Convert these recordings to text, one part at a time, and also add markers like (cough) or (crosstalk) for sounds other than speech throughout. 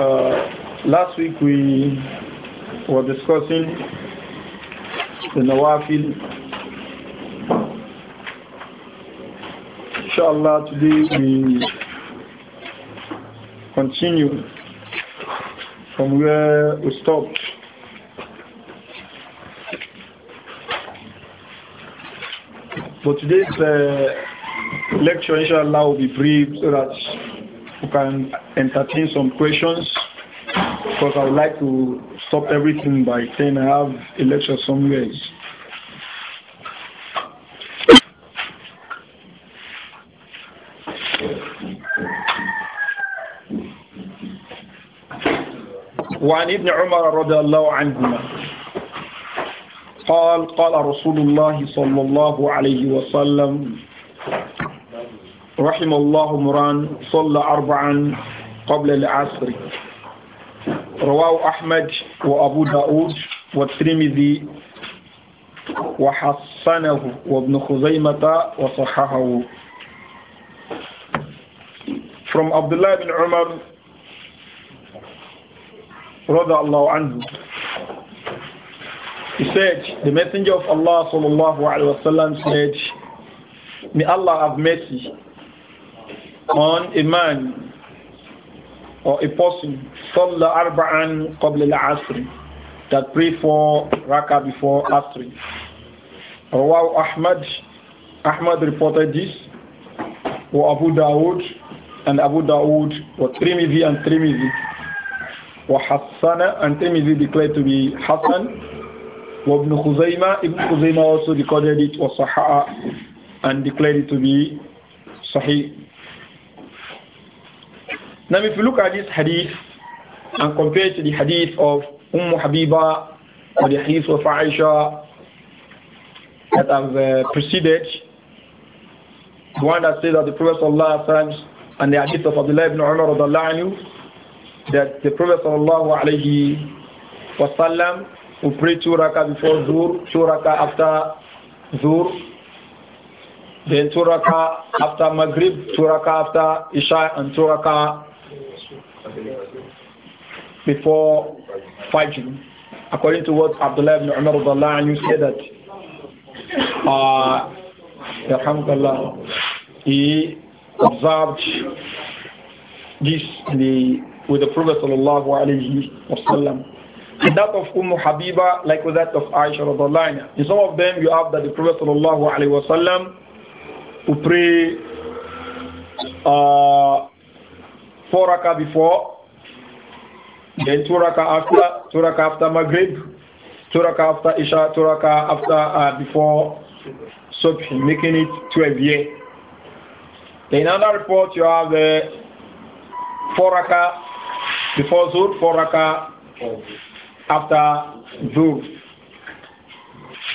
Uh, last week we were discussing the Nawafil. Inshallah, today we continue from where we stopped. But today's uh, lecture, inshallah, will be brief so that we can entertain some questions. Because I would like to stop everything by ten. I have a lecture somewhere. وعن ابن عمر رضي الله عنهما قال قال رسول الله صلى الله عليه وسلم رحم الله مران صلى أربعا قبل العصر رواه أحمد وأبو داود والترمذي وحسنه وابن خزيمة وصححه from Abdullah bin Umar رضي الله عنه he said the messenger of Allah صلى الله عليه وسلم said may Allah have mercy on a man or a person صلى أربعا قبل Asr that pray for Raka before Asr. Rawahu Ahmad, Ahmad reported this, Abu Dawood, and Abu Dawood, or Trimizi and Trimizi, or Hassana, and Trimizi declared to be Hassan, or Ibn Khuzaymah, Ibn Khuzaymah also recorded it, was Saha'a, and declared it to be Sahih. Now, if you look at this hadith and compare it to the hadith of Umm Habiba or the hadith of Aisha that have uh, preceded, the one that says that the Prophet ﷺ and the hadith of Abdullah ibn Umar that the Prophet ﷺ who prayed two rakah before Zuhr, two rakah after Zuhr, then two rakah after Maghrib, two rakah after Isha, and two rakah before fighting. According to what Abdullah ibn Umar you say that uh, Alhamdulillah, he observed this the, with the Prophet sallallahu alayhi wasallam. And that of Umm Habiba, like with that of Aisha radiallahu In some of them you have that the Prophet sallallahu alayhi wasallam who pray uh, four raka before, then two raka after, two raka after Maghrib, two raka after Isha, two raka after uh, before Subh, making it 12 year. In another report, you have the uh, four raka before Zuhr, four raka after Zuhr.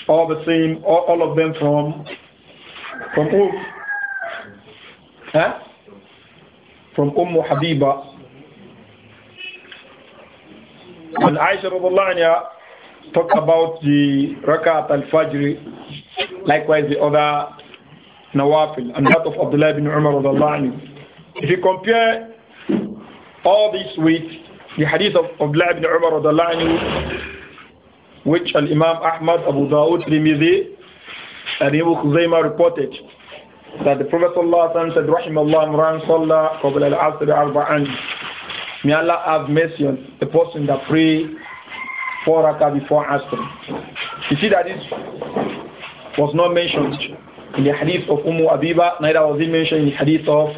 All the same, all, all of them from from Uf. Huh? from Umm Habiba. when Aisha anha talked about the Rakat al-Fajr, likewise the other Nawafil, and that of Abdullah ibn Umar If you compare all these with the hadith of Abdullah ibn Umar which Al-Imam Ahmad, Abu Dawud, Tirmidhi, and Ibn Khuzaymah reported, that the Prophet ﷺ said, Rahimallah Imran Sallah Qabla al-Asr arba'an. May Allah have mercy on the person that pray four rakah before Asr. You see that this was not mentioned in the hadith of Umm Abiba, neither was it mentioned in the hadith of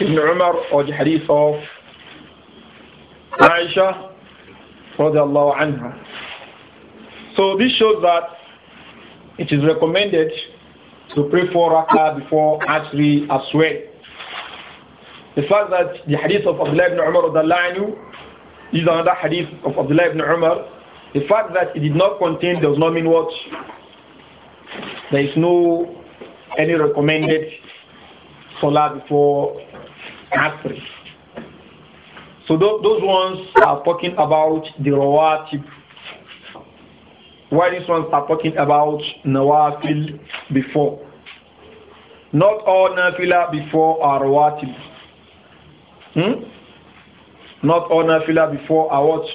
Ibn Umar or the hadith of Aisha So this shows that it is recommended to pray four rak'ah before Asri as well. The fact that the hadith of Abdullah ibn Umar is another hadith of Abdullah ibn Umar. The fact that it did not contain does not mean what? There is no any recommended salah before Asri. So those ones are talking about the rawatib why this one are talking about nawafil before? Not all nafila before are rawatib. Hmm? Not all nafila before are what?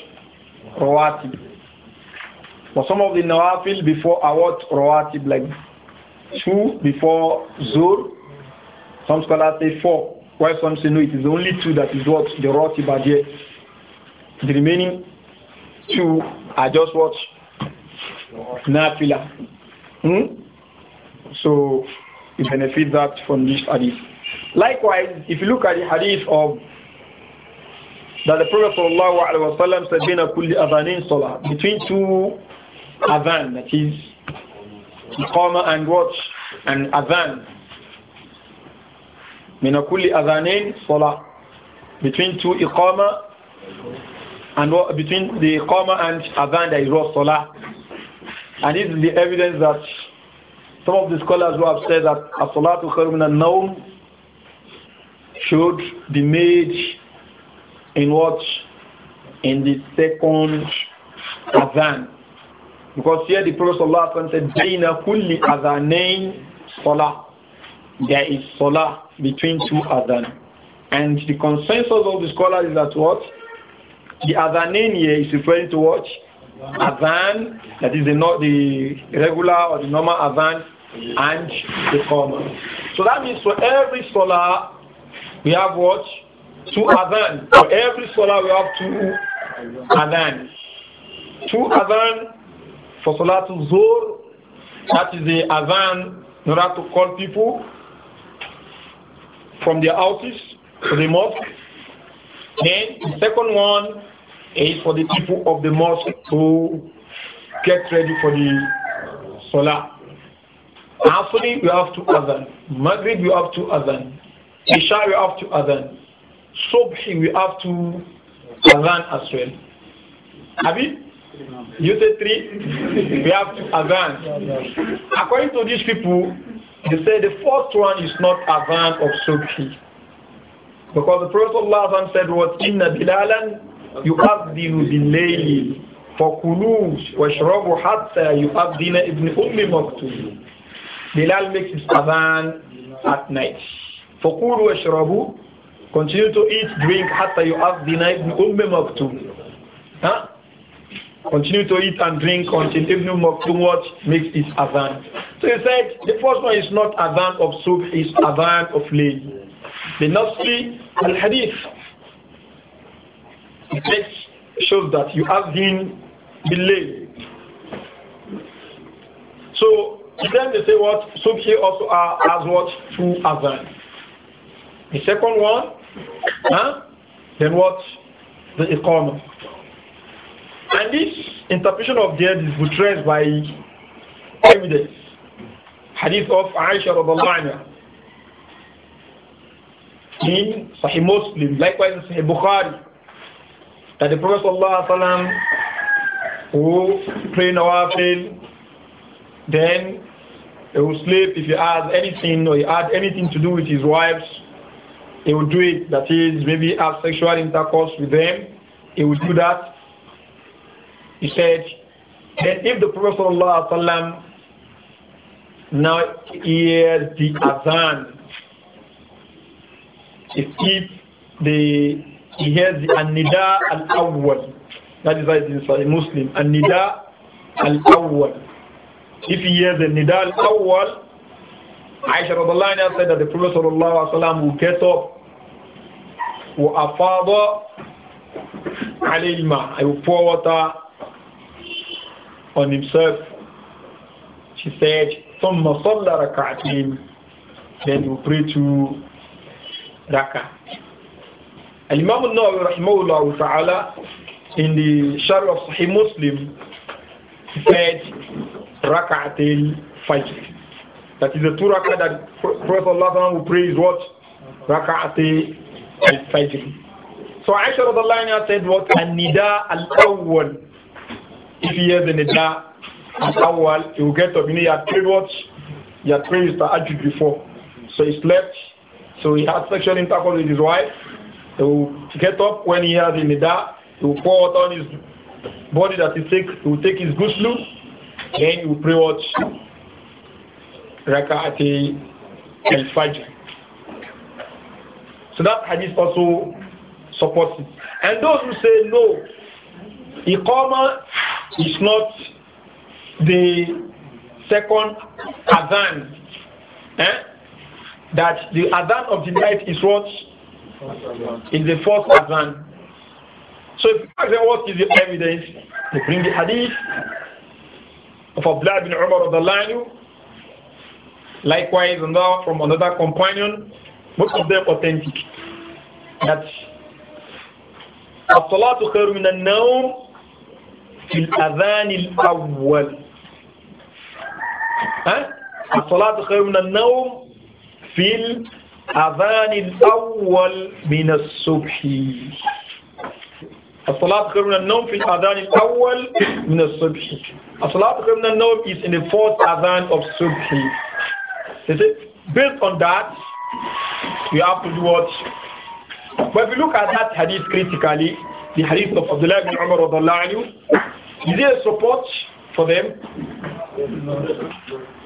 Rawatib. But some of the nawafil before are what? Rawatib, like two before zur. Some scholars say four. Why some say no, it is only two that is what? The rawatib are there. The remaining two are just what? nafila. Hmm? So you benefit that from this hadith. Likewise, if you look at the hadith of that the Prophet ﷺ said, "Bina kulli adhanin salah," between two adhan, that is Iqama and watch and adhan. Mina kulli adhanin salah, between two Iqama and between the Iqama and adhan there is salah. And this is the evidence that some of the scholars who have said that as-salatu khairun should be made in what? In the second adhan. Because here the Prophet Sallallahu said, Baina kulli adhanain salah. There is salah between two adhan. And the consensus of the scholars is that what? The adhanain here is referring to what? Adhan, that is the, the regular or the normal Avan, and the common. So that means for every solar, we have what? Two Adhan. For every solar, we have two Adhan. Two Adhan for to Zuhr, that is the Avan in order to call people from their houses to the mosque. Then the second one is for the people of the mosque to get ready for the Salah. Asri, we have to Adhan. Maghrib, we have to Adhan. Isha, we have to Adhan. Subhi, we have to Adhan as well. Have you? You say three? we have to Adhan. According to these people, they say the first one is not Adhan of Subhi. Because the Prophet said what? Inna bilalan يؤذن بالليل فكلوا واشربوا حتى يؤذن ابن أم the Bilal makes his adhan at night فكلوا واشربوا continue to eat drink have يؤذن ابن أم مكتوم huh? continue to eat and drink until Ibn Maktum what makes his adhan. So he said the first one is not adhan of soup, it's adhan of lay. The Nafsi al-Hadith it shows that you have been delayed. So then they say what here also are, has what two others." The second one, huh? then what the economy? And this interpretation of theirs is buttressed by evidence. Hadith of Aisha of anha in Sahih Muslim, likewise in Sahih Bukhari that the Prophet ﷺ will pray Nawafil, then he will sleep if he has anything or he had anything to do with his wives, he will do it. That is, maybe have sexual intercourse with them, he will do that. He said, then if the Prophet ﷺ now hears the Azan, if, if the he hears the An-Nida al-Awwal. That is why it is a Muslim. An-Nida al-Awwal. If he hears the Nida al-Awwal, Aisha Radallahu said that the Prophet Sallallahu will get up وَأَفَاضَ عَلَيْهِ الْمَاءِ I will pour water on himself. She said, ثُمَّ صَلَّ رَكَعَتِهِمْ Then he will pray to Raka. Imam al-Nawawi rahimahullah ta'ala in the Shari of Sahih Muslim said Raka'atil Fajr. That is the two rak'ah that Prophet Allah will pray is what? Raka'atil Fajr. So Aisha radiallahu said what? An-nida al-awwal. If he hears the nida al-awwal, he will get up. You know, he had prayed what? He had prayed his tahajjud before. So he slept. So he had sexual intercourse with his wife. To get up when he has a nida. He will pour out on his body that he take. He will take his ghusl. Then he will pray what raka'ati al-fajr. So that hadith also supports it. And those who say no, Iqama is not the second adhan. Eh? That the adhan of the night is what in the fourth advance. So if you ask them what is the evidence, they bring the hadith of Abdullah bin Umar of the Lion. Likewise, another from another companion, most of them authentic. That الصلاة خير من النوم في الأذان الأول ها الصلاة خير من النوم في أذان الأول من الصبح الصلاة خير من النوم في الأذان الأول من الصبح الصلاة خير من النوم is in the fourth أذان of Is it based on that we have to do what but if you look at that hadith critically the hadith of Abdullah bin Umar radiallahu anhu is there support for them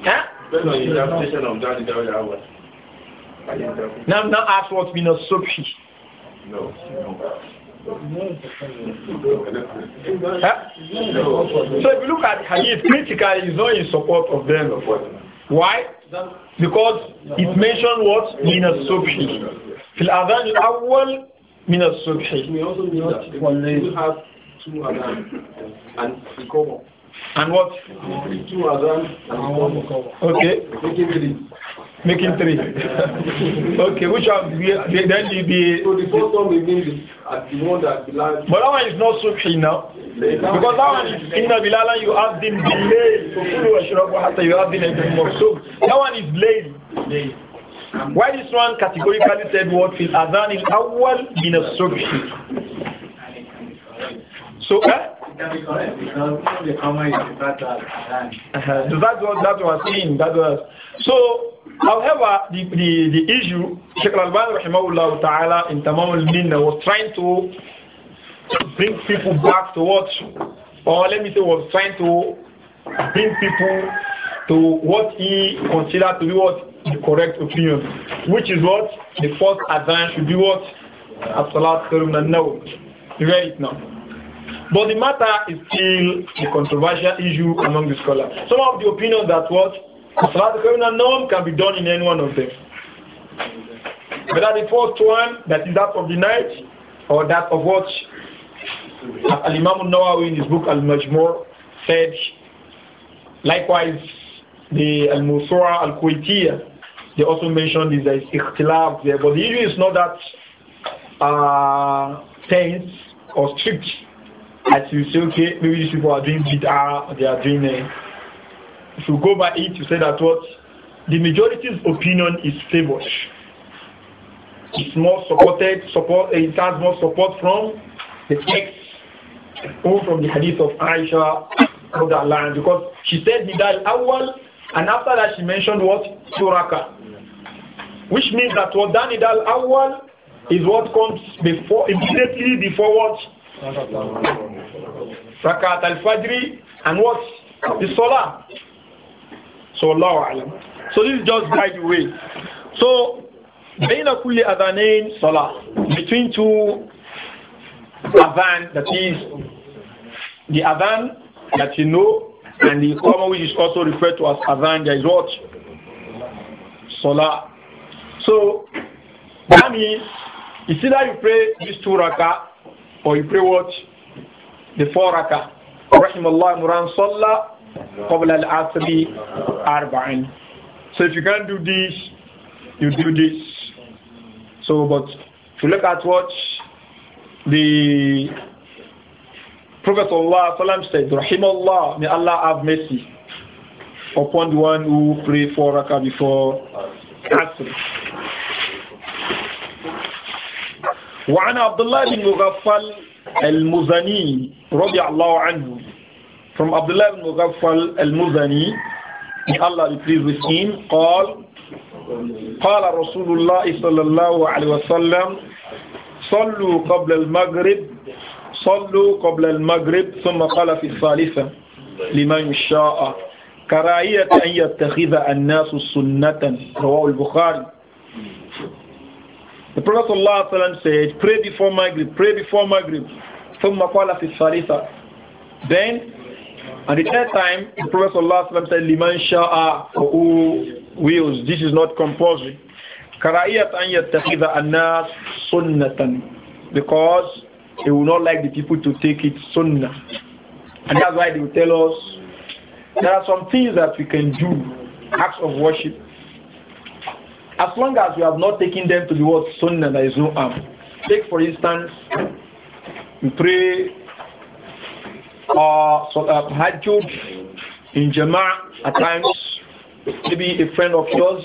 huh? Now, now ask what we know Sophie. No. So if you look at Hadith, critically, it's not in support of them. Why? Because it mentioned what? Min al-subhi. Fil adhan al-awwal min subhi We also know that we have two adhan and three and what? Two are done and one Okay. Making three. Making three. (laughs) okay, which one? Then you be. So the one will mean uh, the one that Bilal. But that one is not Subhi now. Because that one is Inna Bilala, you have been delayed. So you have been So that one is delayed. Why this one categorically said what fil is awwal min as So eh? that so that's what that was saying. That was so. However, the the, the issue Sheikh Al-Albani rahimahullah ta'ala in Tamam al-Minna was trying to bring people back to what or let me say was trying to bring people to what he considered to be what the correct opinion, which is what the first advance should be what as-salat khairum min You read it now. But the matter is still a controversial issue among the scholars. Some of the opinion that what the criminal norm can be done in any one of them. Whether the first one, that is that of the night, or that of what Al-Imam al-Nawawi in his book Al-Majmur said, likewise the Al-Musura Al-Kuwaitiyah, they also mentioned this, there is ikhtilaf there, but the issue is not that uh, tense or strict as you say, okay, maybe these people are doing bid'ah, they are doing a. Eh, if you go by it, you say that what? The majority's opinion is favored. It's more supported, support, eh, it has more support from the text or from the hadith of Aisha of that land, because she said Hidal Awal and after that she mentioned what? Suraka. Which means that what Dan Hidal Awal is what comes before, immediately before what? Rakat al-Fajri and what? The Salah. So Allah alam. So this is just by the way. So Baina kulli adhanain Salah. Between two adhan, that is the adhan that you know and the common which is also referred to as adhan, there is what? Salah. So that means, you see that you pray these two rakah or you pray what? The four rakah. Rahimallah Muran Sallah Qabla al Asri Arba'in. So if you can't do this, you do this. So but if you look at what the Prophet Allah said, Rahimallah, may Allah have mercy upon the one who pray four rakah before Asr. وعن عبد الله بن مغفل المزني رضي الله عنه from عبد الله بن مغفل المزني may Allah be pleased with him قال قال رسول الله صلى الله عليه وسلم صلوا قبل المغرب صلوا قبل المغرب ثم قال في الثالثة لمن شاء كراهية أن يتخذ الناس سنة رواه البخاري The Prophet ﷺ said, pray before Maghrib, pray before Maghrib. Then, at the third time, the Prophet ﷺ said, لمن شاء who wills. This is not compulsory. كراهية أن يتخذ الناس سنة Because they will not like the people to take it sunnah. And that's why they will tell us, there are some things that we can do, acts of worship, as long as you have not taken them to the word sunnah, there is no harm. Take for instance, you pray uh, so, uh, Hajjud in jama at times. Maybe a friend of yours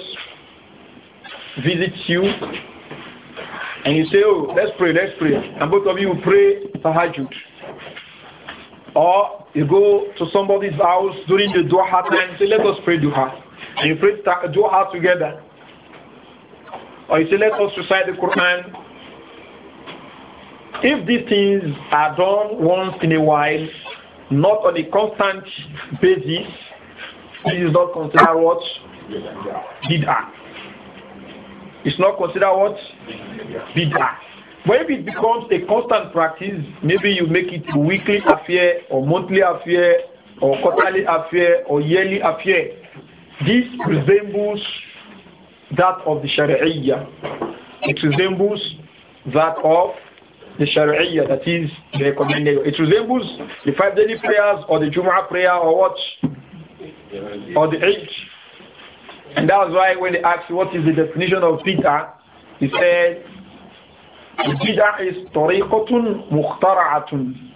visits you and you say, Oh, let's pray, let's pray. And both of you pray for hajjud Or you go to somebody's house during the Duha time and say, Let us pray Duha. And you pray Duha together. Or you say, let us recite the Quran. If these things are done once in a while, not on a constant basis, this is not considered what? Bid'ah. It's not considered what? Bid'ah. But if it becomes a constant practice, maybe you make it a weekly affair or monthly affair or quarterly affair or yearly affair. This resembles that of the Shariah, It resembles that of the Shariah, that is the recommended. It resembles the five daily prayers or the Jum'ah prayer or what? Or the Eid. And that's why when they ask what is the definition of bid'ah, he said, bid'ah is tariqatun mukhtara'atun.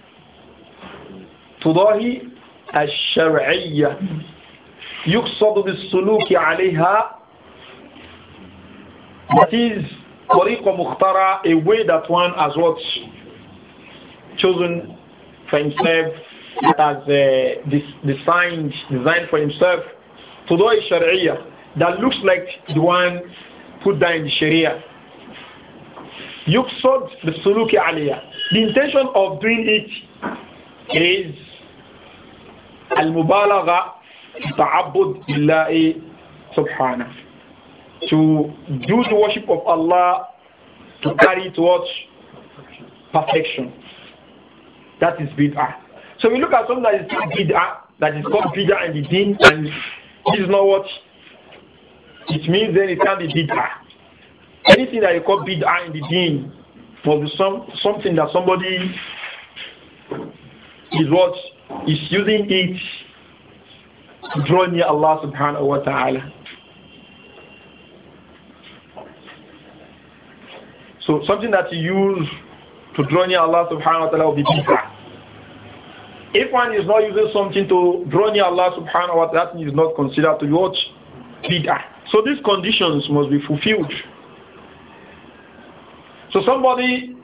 تضاهي الشرعية يقصد بالسلوك عليها that is Tariq Mukhtara, a way that one has what chosen for himself, that has uh, designed, designed for himself, to do a Sharia that looks like the one put down in the Sharia. Yuksod the Suluki Aliyah. The intention of doing it is al-mubalaga ta'abbud billahi subhanahu to do the worship of Allah to carry towards perfection. That is bid'ah. So we look at something that is bid'ah, that is called bid'ah in the deen, and this is not what it means, then it can't be bid'ah. Anything that you call bid'ah in the deen must be some, something that somebody is what is using it to draw near Allah subhanahu wa ta'ala. So something that you use to draw near Allah subhanahu wa ta'ala will be bid'ah. If one is not using something to draw near Allah subhanahu wa ta'ala, that is not considered to be what? Bid'ah. So these conditions must be fulfilled. So somebody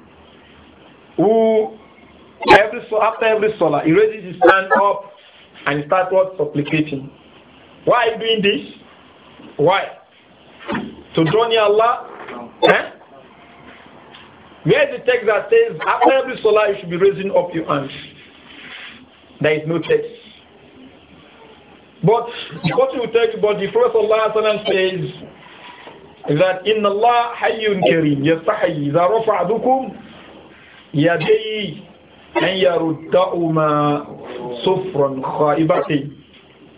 who every, after every salah, he raises his hand up and starts what? Supplicating. Why are you doing this? Why? To draw near Allah? Eh? Where is the text that says after every salah you should be raising up your hands? There is no text. But what you take, but the Prophet Allah says that in Allah hayyun kareem yastahi idha rafa'a dukum yadayhi an yarudda'uma sufran khaibati.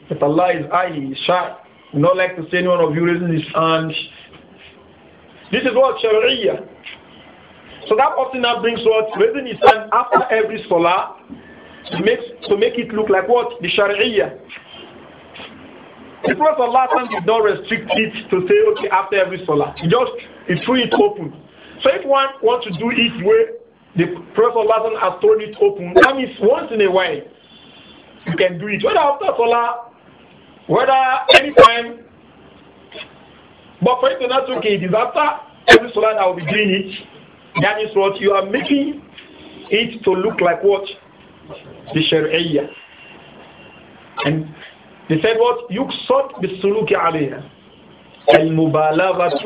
That Allah is high, shy. Not like to see any one of you raising his hands." This is what Sharia so that often now brings what raising his hand after every salah to make to make it look like what the Sharia. The Prophet Allah did not restrict it to say okay after every salah. He just he threw it open. So if one wants to do it where the Prophet Allah has thrown it open, that means once in a while you can do it. Whether after solar, whether anytime. But for it to not okay, it is after every salah I will be doing it. That is what you are making it to look like what? The Sharia. And they said what? يقصد بالسلوك عليها المبالغة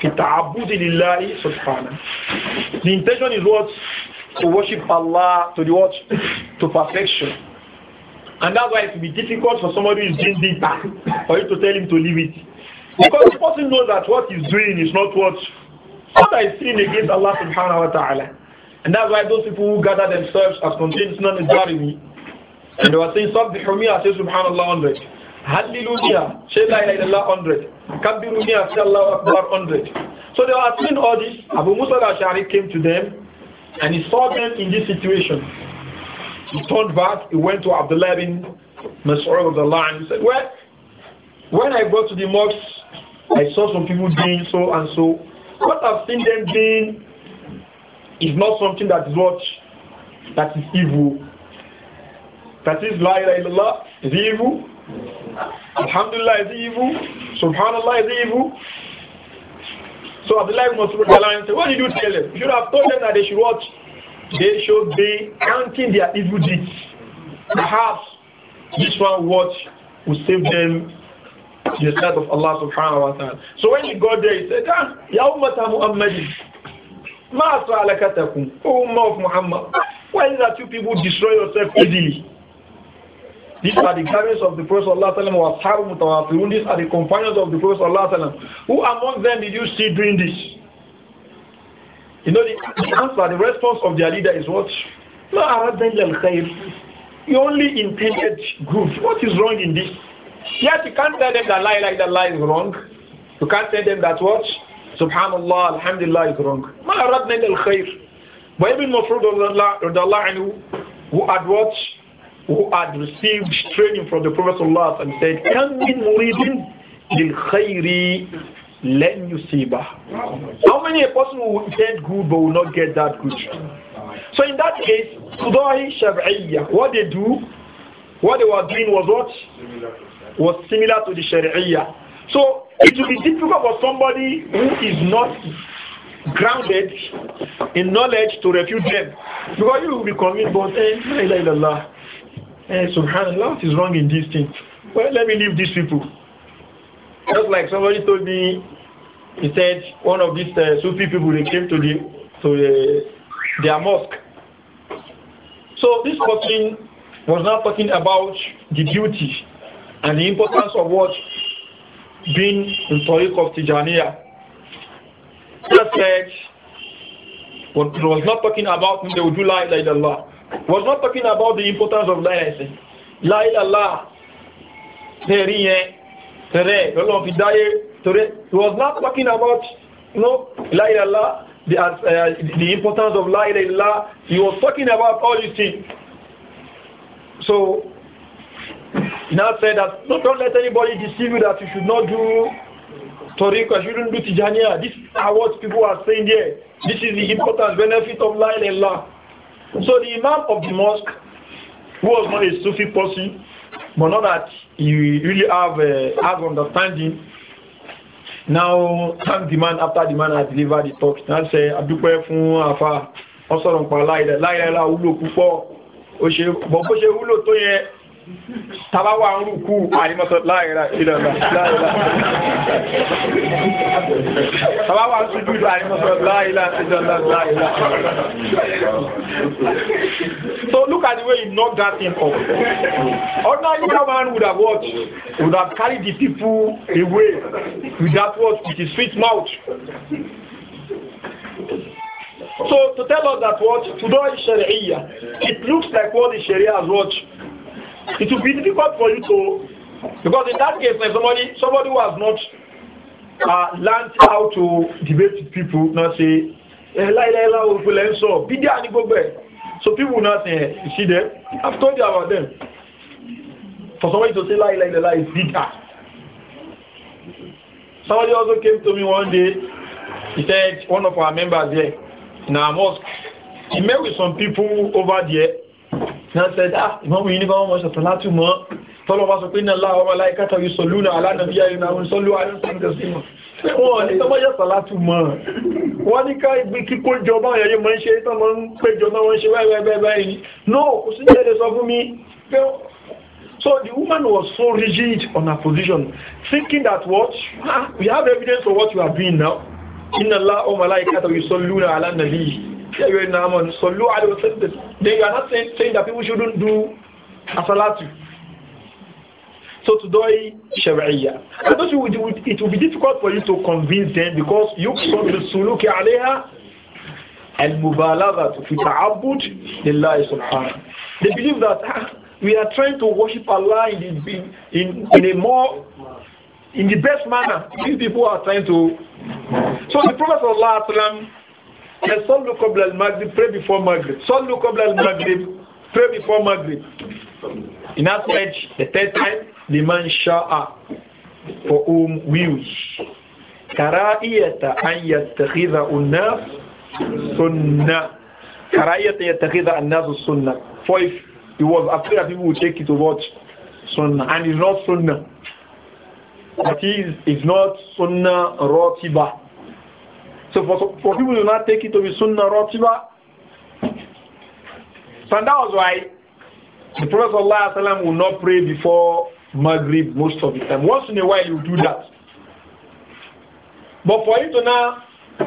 في تعبد لله سبحانه The intention is what? To worship Allah to the what? To perfection. And that's why it will be difficult for somebody who is doing this (laughs) for you to tell him to leave it. Because the person knows that what he's doing is not what what I sin against Allah subhanahu wa ta'ala. And that's why those people who gather themselves as contained not al me, and they were saying, Sabbihu miya, say subhanallah 100. Halilu miya, say la ilaha illallah 100. Kabbiru miya, say Allahu Akbar 100. So they were saying all this. Abu Musa al-Ash'ari came to them, and he saw them in this situation. He turned back, he went to Abdullah bin Mas'ud the and he said, well, when I got to the mosque, I saw some people doing so and so. What I've seen them doing is not something that is what that is evil. That is la ilaha illallah is evil. Alhamdulillah is evil. Subhanallah is evil. So Abdullah ibn and say, What did you tell them? You should have told them that they should watch. They should be counting their evil deeds. Perhaps this one watch will save them in the sight of Allah subhanahu wa ta'ala. So when he go there, he said, ah, Ya Ummata Muhammadin, Ma Sa'alakatakum, O Ummah of Muhammad, why is that you people destroy yourself easily? These are the guardians of the Prophet Sallallahu wa Mutawafirun. These are the companions of the Prophet Sallallahu Who among them did you see doing this? You know, the, the answer, the response of their leader is what? You only intended good. What is wrong in this? Yes, you can't tell them that lie like that lie is wrong. You can't tell them that what? Subhanallah, Alhamdulillah is wrong. Ma aradna al khair. But Ibn Masrud who had what? Who had received training from the Prophet Allah and said, Can min muridin lil khairi len yusiba. How many a person who get good but will not get that good? So in that case, Tudahi Shab'iyya, what they do, what they were doing was what? Was similar to the Sharia. So it will be difficult for somebody who is not grounded in knowledge to refute them. Because you will be convinced, but eh, la ilaha illallah. Eh, subhanallah, what is wrong in this thing? Well, let me leave these people. Just like somebody told me, he said, one of these uh, Sufi people, they came to the to the, eh, their mosque. So this person was not talking about the duty and the importance of what being in Tariq of Tijaniya. That said, was not talking about they would do La ilaha illallah. Was not talking about the importance of La ilaha La ilaha illallah. Tere, He was not talking about, you know, La ilaha the, uh, the importance of La ilaha He was talking about all these things. So now say that no, don't let anybody deceive you that you should not do Tariqa, you shouldn't do Tijaniya. This is what people are saying here. This is the important benefit of La ilaha So the Imam of the mosque, who was not a Sufi person, but not that he really have uh, have understanding, now thank the man after the man has delivered the talk. Now say, Adúpẹ́ fún Afa, also on Palaida, La ilaha wúlò púpọ̀. bọ̀ bó ṣe wúlò tó yẹ tabawa ń rúkú àyímọ́sọ láìra ìlọ́lá láìra tabawa ń sojú ìlú àyímọ́sọ láìra ìlọ́lá láìra. So look at the way you knock that thing off. Ordinarily that man would have what? Would have carried the people away with that word with his sweet mouth. So to tell us that what Fudo is Sharia, it looks like what the Sharia has what. It will be difficult for you to, because in that case, like somebody, somebody who has not uh, learned how to debate with people, now say, eh, so people will not say, eh, you see them? I've told you about them. For somebody to say, lie, ilaha lie is bidah. Somebody also came to me one day. He said, one of our members there, in our mosque. He met with some people over there. And I said, ah, Imam Uniba Moshe Salatu Ma. Tọ́lọ́ bá sọ pé iná láwọ́ wà láì kátà yóò sọ̀lú náà alánàbíyà yóò náà sọ́lú àyọ́sọ́lú sí mọ̀. Wọ́n ní sọ́mọ́yà sàlátù mọ̀. Wọ́n ní ká ibi kíkó jọba ọ̀yẹ́ yóò máa ń ṣe tán máa ń péjọ náà wọ́n ṣe wẹ́wẹ́ bẹ́ẹ̀ ni. No, kò sí jẹ́ sọ fún mi. So the woman was so rigid on her position, thinking that what? We have evidence of what you are doing now. inna Allah wa malaikatahu yusalluna ala nabi ya you in amon sallu alaihi wasallam then you are not saying, saying that people shouldn't do as-salatu so today Sharia. I thought it would, it will be difficult for you to convince them because you from the suluk alaiha al-mubalaghatu fi ta'abbud lillahi subhanahu they believe that ah, we are trying to worship Allah in, in, in a more in the best manner these people are trying to. So the Prophet of Allah wasallam said, "Sallu qabla al-maghrib, pray before maghrib. Sallu qabla al-maghrib, pray before maghrib." In that pledge, the third time, the man sha'a for whom wills. Karaiyata an yattakhidha unnas sunnah. Karaiyata yattakhidha annas sunnah. For if he was afraid that people would take it to watch sunnah, and it's not sunnah. That is, is not sunnah rotiba. So for, for people do not take it to be sunnah rotiba. And that was why the Prophet ﷺ will not pray before Maghrib most of the time. Once in a while you do that. But for you to now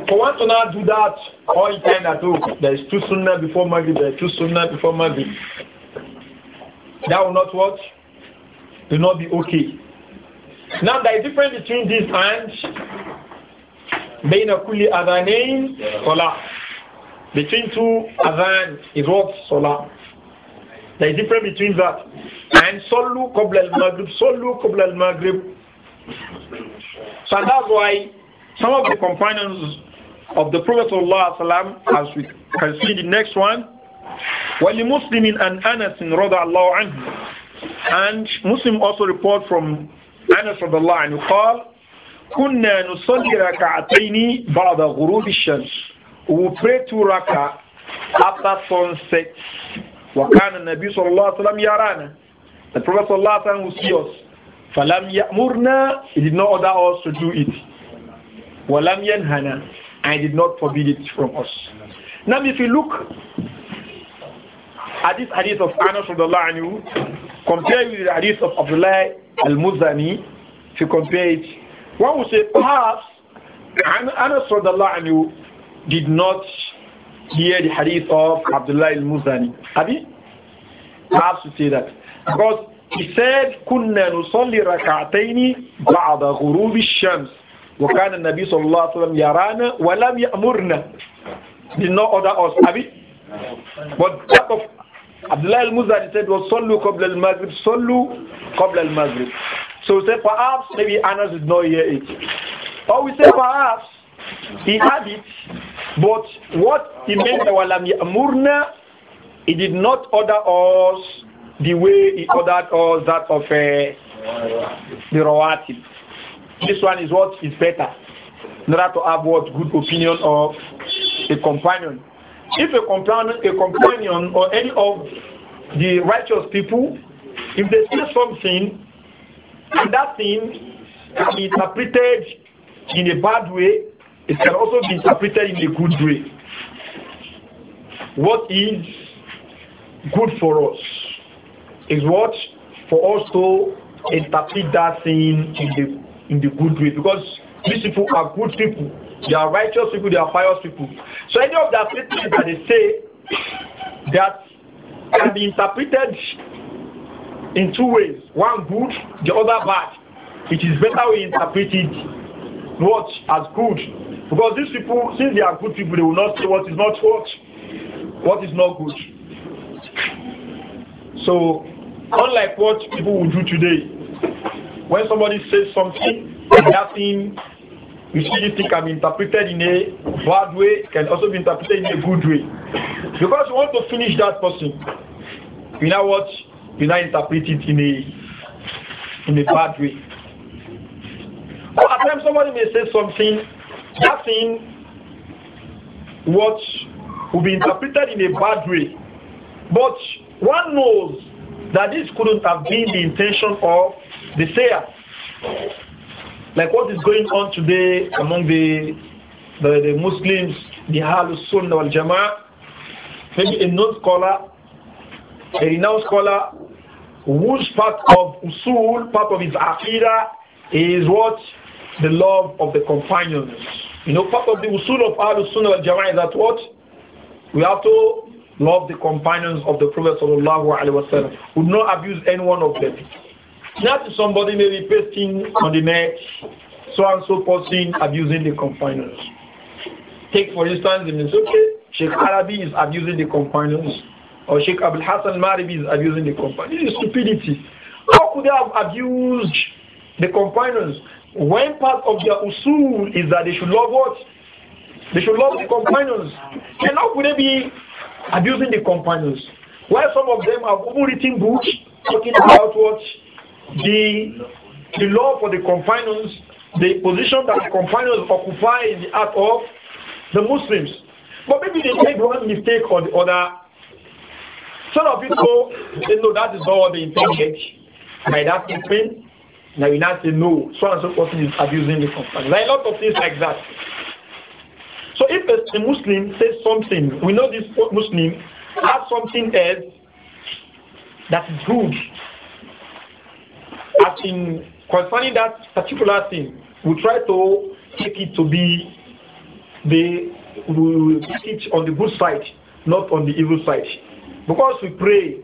for one to not do that all the time at all, oh, there is two sunnah before Maghrib, there is two sunnah before Maghrib. That will not It Will not be okay. Now there is difference between this and بين كل أذانين Between two other is what salah. There is difference between that and solu qabla al maghrib, solu qabla al maghrib. So that's why some of the companions of the Prophet sallallahu as we can see the next one, وَلِمُسْلِمٍ أَنْ أَنَسٍ رَضَى اللَّهُ عَنْهُ And Muslim also report from أنس رضي الله عنه قال كنا نصلي ركعتين بعد غروب الشمس we pray two raka after sunset وكان النبي صلى الله عليه وسلم the prophet صلى الله عليه see us he did not order us to do it ولم ينهنا and he did not forbid it from us now if you look at this hadith of Anas radiallahu anhu compare with the hadith of Abdullah al-Muzani, if you compare it, one would say perhaps Anas anhu did not hear the hadith of Abdullah al-Muzani. Abi? Perhaps you say that. Because he said, كنا نصلي ركعتين بعد غروب الشمس وكان النبي صلى الله عليه وسلم يرانا ولم يأمرنا. Did not order us, Abi? But that of Abdullah al-Muzari said, well, Sallu qabla al-Maghrib, Sallu qabla al-Maghrib. So we said, perhaps, maybe Anas did not hear it. Or we said, perhaps, he had it, but what he meant by walam ya'murna, he did not order us the way he ordered us that of uh, the rawatib. This one is what is better, in order to have what good opinion of a companion. If a companion, a companion or any of the righteous people, if they say something, and that thing can be interpreted in a bad way, it can also be interpreted in a good way. What is good for us is what for us to interpret that thing in the in the good way because these people are good people. They are righteous people, they are pious people. So any of the statements that they say that can be interpreted in two ways. One good, the other bad. It is better we interpret it what as good. Because these people, since they are good people, they will not say what is not what, what is not good. So unlike what people will do today, when somebody says something, nothing you see, you think I'm interpreted in a bad way, can also be interpreted in a good way. Because you want to finish that person. You know what? You now interpret it in a in a bad way. Or at times somebody may say something, that thing what will be interpreted in a bad way. But one knows that this couldn't have been the intention of the sayer. Like what is going on today among the the, the Muslims, the Ahlus Sunnah wal Jama'ah, maybe a known scholar, a renowned scholar, whose part of usul, part of his akhira is what? The love of the companions. You know, part of the usul of Ahlus Sunnah wal Jama'ah is that what? We have to love the companions of the Prophet sallallahu alaihi wasallam. Would not abuse any one of them. Not somebody maybe pasting on the net, so and so person abusing the confiners. Take for instance the "Okay, Sheikh Arabi is abusing the confiners, or Sheikh Abdul Hassan Maribi is abusing the confiners. This is stupidity. How could they have abused the confiners when part of their usul is that they should love what? They should love the companions. And how could they be abusing the companions? Why some of them have written books talking about what the, the law for the companions, the position that the companions occupy in the act of the Muslims. But maybe they made one mistake or the other. Some of people they know that is not what they intended by that statement. Now you not say no, so and so person is abusing the companion. There are a lot of things like that. So if a Muslim says something, we know this Muslim has something else that is good as in concerning that particular thing, we try to take it to be the we take it on the good side, not on the evil side. Because we pray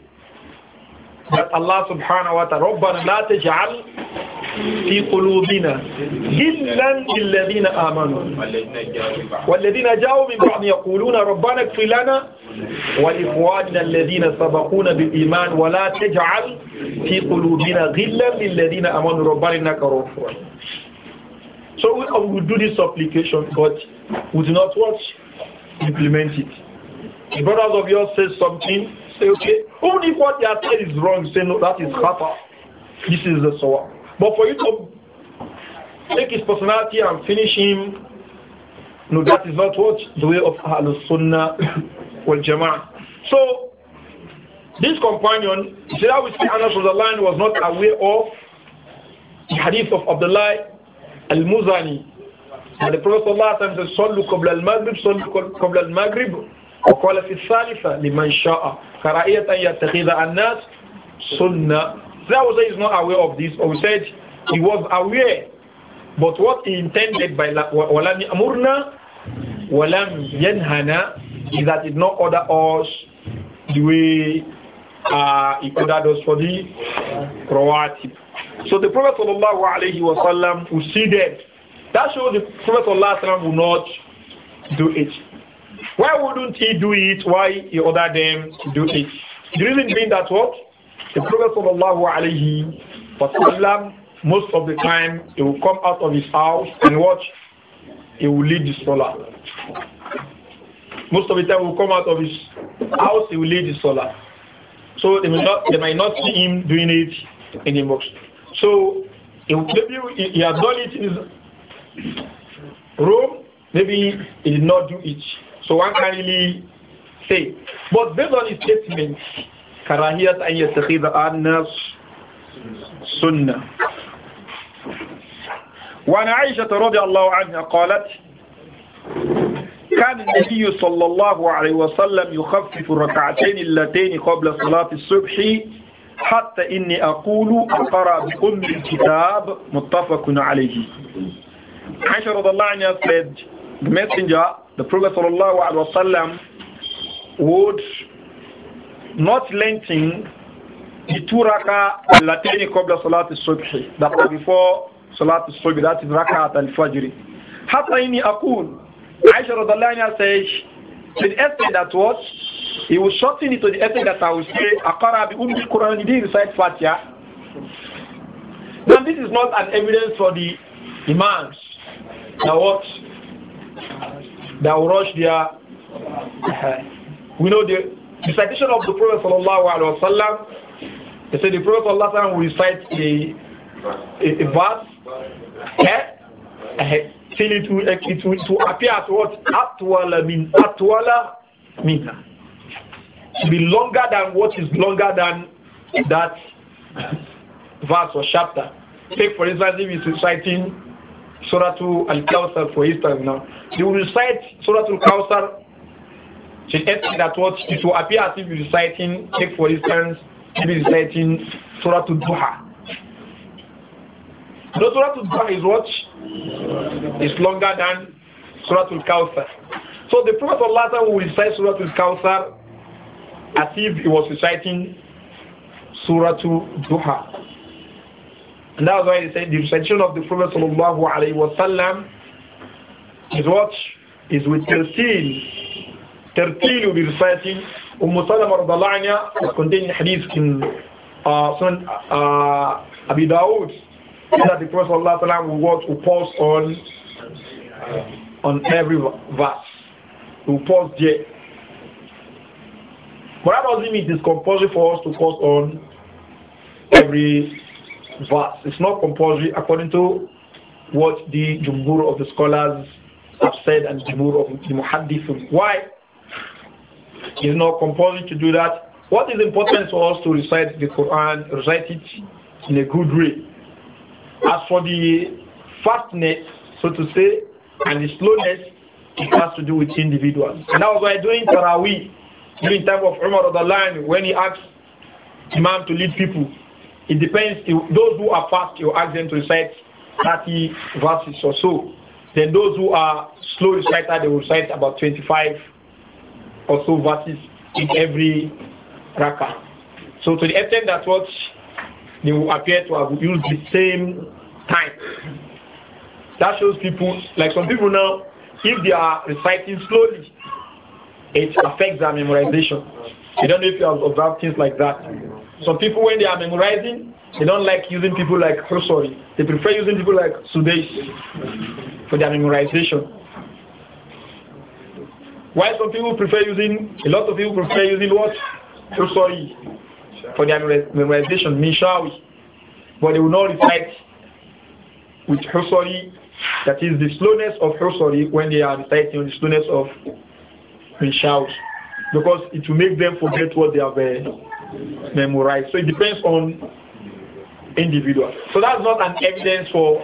that Allah subhanahu wa ta'ala, رَبَّنَا لَا تَجْعَلْ فِي قُلُوبِنَا غِلًّا لِلَّذِينَ آمَنُوا وَالَّذِينَ جَاءُوا مِنْ بَعْدِ يَقُولُونَ رَبَّنَا اغْفِرْ لَنَا وَلِإِخْوَانِنَا الَّذِينَ سَبَقُونَا بِالْإِيمَانِ وَلَا تَجْعَلْ فِي قُلُوبِنَا غِلًّا لِلَّذِينَ آمَنُوا رَبَّنَا إِنَّكَ رَءُوفٌ So uh, we, will do this supplication, but we do not want to implement it. The brothers of yours say something, say, okay, even if what they are saying is wrong, say, no, that is Hapa. This is the sawab. But for you to take his personality and finish him, no, that is not what the way of Ahlul Sunnah (coughs) wal Jama'ah. So, this companion, said, I will say, the line was not aware of the hadith of Abdullah al-Muzani. And the Prophet said, Sallu qabla al-Maghrib, Sallu qabla al-Maghrib. وقال في الثالثة لمن شاء كراهية أن يتخذ الناس سنة That is not aware of this or said he was aware but what he intended by ولم يأمرنا ولم ينهنا is that it not order us the way uh, he ordered us for the Rawatib. So the Prophet sallallahu Allah wa sallam will see that. That shows the Prophet sallallahu Allah will not do it. Why wouldn't he do it? Why he ordered them to do it? The reason being that what? The Prophet sallallahu alayhi wa sallam, most of the time, he will come out of his house and watch. He will lead the solar. Most of the time, he will come out of his house, he will lead the solar. So they may not, they might not see him doing it in the mosque. So he, maybe he had done it in his room, maybe he did not do it. So one can really say. But based on his statement, كراهية أن يتخذ الناس sunnah. وعن عائشة رضي الله عنها قالت كان النبي صلى الله عليه وسلم يخفف الركعتين اللتين قبل صلاة الصبح حتى إني أقول أقرأ بأم الكتاب متفق عليه عائشة رضي الله عنها said the messenger the Prophet wasallam would not lengthen the two raka latini qabla salat al that was before salat al-subh is rakat al-fajr hatta inni aqul Aisha radallahu anha says to the extent that what he was shorten it to the extent that I will say aqara bi ummi al-quran he didn't recite fatiha now this is not an evidence for the imams now what that will rush there. Uh, we know the recitation of the Prophet sallallahu alaihi wasallam. They say the Prophet sallallahu alaihi wasallam will recite a a, a verse. Eh? eh till eh, it will, it will to appear at what atwala min atwala minha. To be longer than what is longer than that verse or chapter. Take for instance if he's reciting Surah Al-Kawthar for instance now. They will recite Surah Al-Kawthar to extent that what it will appear as if you're reciting, take for instance, you're reciting Surah Al-Duha. No, Surah Al-Duha is what is longer than Surah Al-Kawthar. So the Prophet Allah will recite Surah Al-Kawthar as if he was reciting Surah Al-Duha. And that's why he said the recitation of the Prophet sallallahu alaihi wasallam is what is with thirteen. Thirteen will be reciting. Umm Salama radallahu anha containing hadith in uh, Sunan uh, Abi Dawud that the Prophet sallallahu alaihi wasallam will what will pause on on every verse. He will pause there. But that doesn't mean it is compulsory for us to pause on every verse. It's not compulsory according to what the Jumhur of the scholars have said and Jumhur of the Muhaddithun. Why? It's not compulsory to do that. What is important for us to recite the Quran, recite it in a good way. As for the fastness, so to say, and the slowness, it has to do with individuals. And that was why doing Taraweeh, during time of Umar of the line, when he asked Imam to lead people, it depends. Those who are fast, you ask them to recite 30 verses or so. Then those who are slow reciter, they will recite about 25 or so verses in every rakah. So to the extent that what they will appear to have used the same time. That shows people, like some people now, if they are reciting slowly, it affects their memorization. I don't know if you have observed things like that. Some people, when they are memorizing, they don't like using people like Husori. Oh, they prefer using people like Sudesh for their memorization. Why some people prefer using, a lot of people prefer using what? Husori oh, for their memorization, Mishawi. But they will not recite with Husori, oh, that is the slowness of Husori when they are reciting, the slowness of Mishawi. Because it will make them forget what they have uh, memorize. So it depends on individual. So that's not an evidence for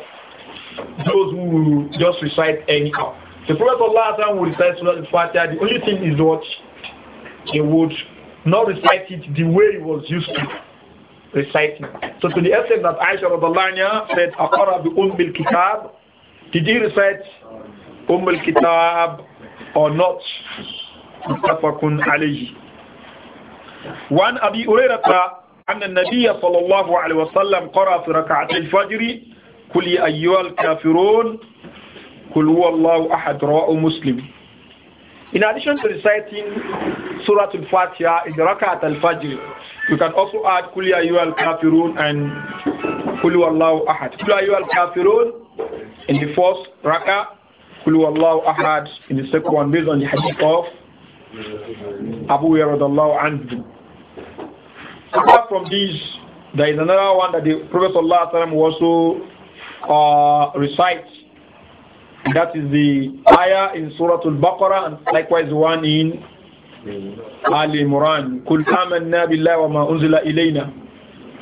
those who just recite anyhow. The Prophet Allah would recite Surah Al-Fatiha. The only thing is what he would not recite it the way it was used to reciting. So to the extent that Aisha Radhalanya said, Aqara bi Umm kitab did he recite Umm al-Kitab or not? وعن أبي هريرة أن النبي صلى الله عليه وسلم قرأ في ركعة الفجر كل أيها الكافرون كل هو الله أحد رواه مسلم In addition to reciting Surah Al-Fatiha in the Rakat Al-Fajr, you can also add Kul Ya Ayyuhal Kafirun and Kul Wallahu Ahad. Kul Ya Ayyuhal Kafirun in the first Rakat, Kul Wallahu Ahad in the second one based on the hadith of Abu Yaradallahu anhu. Apart from this, there is another one that the Prophet also uh, recites. That is the ayah in Surah Al-Baqarah and likewise one in Ali Imran. Kul amanna billahi wa ma unzila ilayna.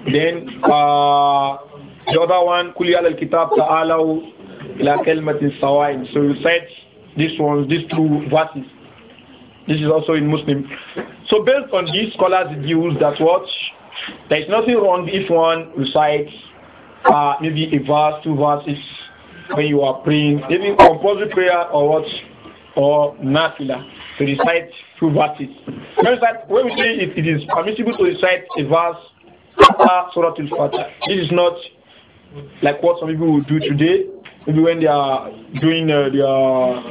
Then uh, the other one, Kul al kitab ta'alaw ila kalimatin sawain. So you recite these ones, these two verses. This is also in Muslim. So based on these scholars' views that what there is nothing wrong if one recites uh, maybe a verse, two verses when you are praying, maybe compulsory prayer or what or nafila to recite two verses. When we say it, it is permissible to recite a verse after Surah Al-Fatih, this is not like what some people will do today Maybe when they are doing uh, their uh,